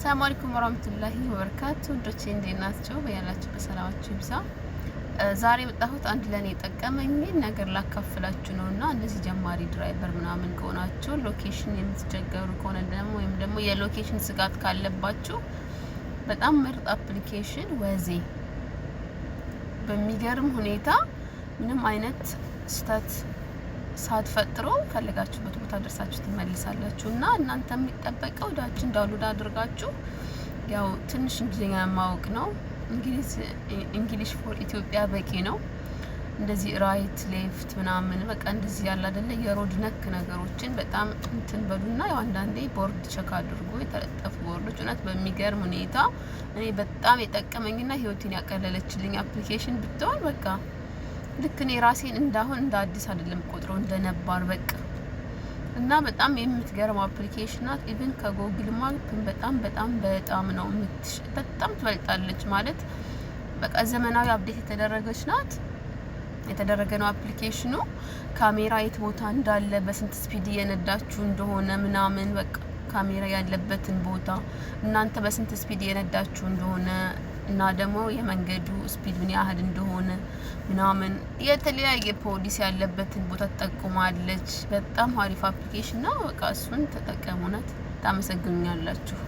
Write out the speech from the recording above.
ሰላም አለይኩም ወራህመቱላሂ ወበረካቱ። እንዶቼ እንዴት ናችሁ? ያላችሁ በሰላማችሁ ይብዛ። ዛሬ የመጣሁት አንድ ለኔ የጠቀመኝን ነገር ላካፍላችሁ ነውና እነዚህ ጀማሪ ድራይቨር ምናምን ከሆናችሁ ሎኬሽን የምትቸገሩ ከሆነ ደግሞ ወይም ደግሞ የሎኬሽን ስጋት ካለባችሁ በጣም ምርጥ አፕሊኬሽን ወዜ በሚገርም ሁኔታ ምንም አይነት ስህተት ሳትፈጥሩ ፈልጋችሁበት ቦታ ደርሳችሁ ትመልሳላችሁ እና እናንተ የሚጠበቀው ዳችን ዳውንሎድ አድርጋችሁ ያው ትንሽ እንግሊዝኛ ማወቅ ነው። እንግሊሽ ፎር ኢትዮጵያ በቂ ነው። እንደዚህ ራይት ሌፍት ምናምን በቃ እንደዚህ ያለ አይደለ የሮድ ነክ ነገሮችን በጣም እንትን በሉና ያው አንዳንዴ ቦርድ ቸክ አድርጎ የተለጠፉ ቦርዶች እውነት በሚገርም ሁኔታ እኔ በጣም የጠቀመኝና ህይወቴን ያቀለለችልኝ አፕሊኬሽን ብትሆን በቃ ልክ እኔ ራሴን እንዳሁን እንደ አዲስ አይደለም ቆጥሮ እንደ ነባር በቃ እና በጣም የምትገርም አፕሊኬሽን ናት። ኢቭን ከጎግል ማፕን በጣም በጣም በጣም ነው በጣም ትበልጣለች ማለት በቃ ዘመናዊ አፕዴት የተደረገች ናት የተደረገ ነው አፕሊኬሽኑ። ካሜራ የት ቦታ እንዳለ በስንት ስፒድ እየነዳችሁ እንደሆነ ምናምን በቃ ካሜራ ያለበትን ቦታ እናንተ በስንት ስፒድ እየነዳችሁ እንደሆነ እና ደግሞ የመንገዱ ስፒድ ምን ያህል እንደሆነ ምናምን የተለያየ ፖሊስ ያለበትን ቦታ ትጠቁማለች። በጣም አሪፍ አፕሊኬሽን ነው። በቃ እሱን ተጠቀሙነት። ታመሰግኛላችሁ።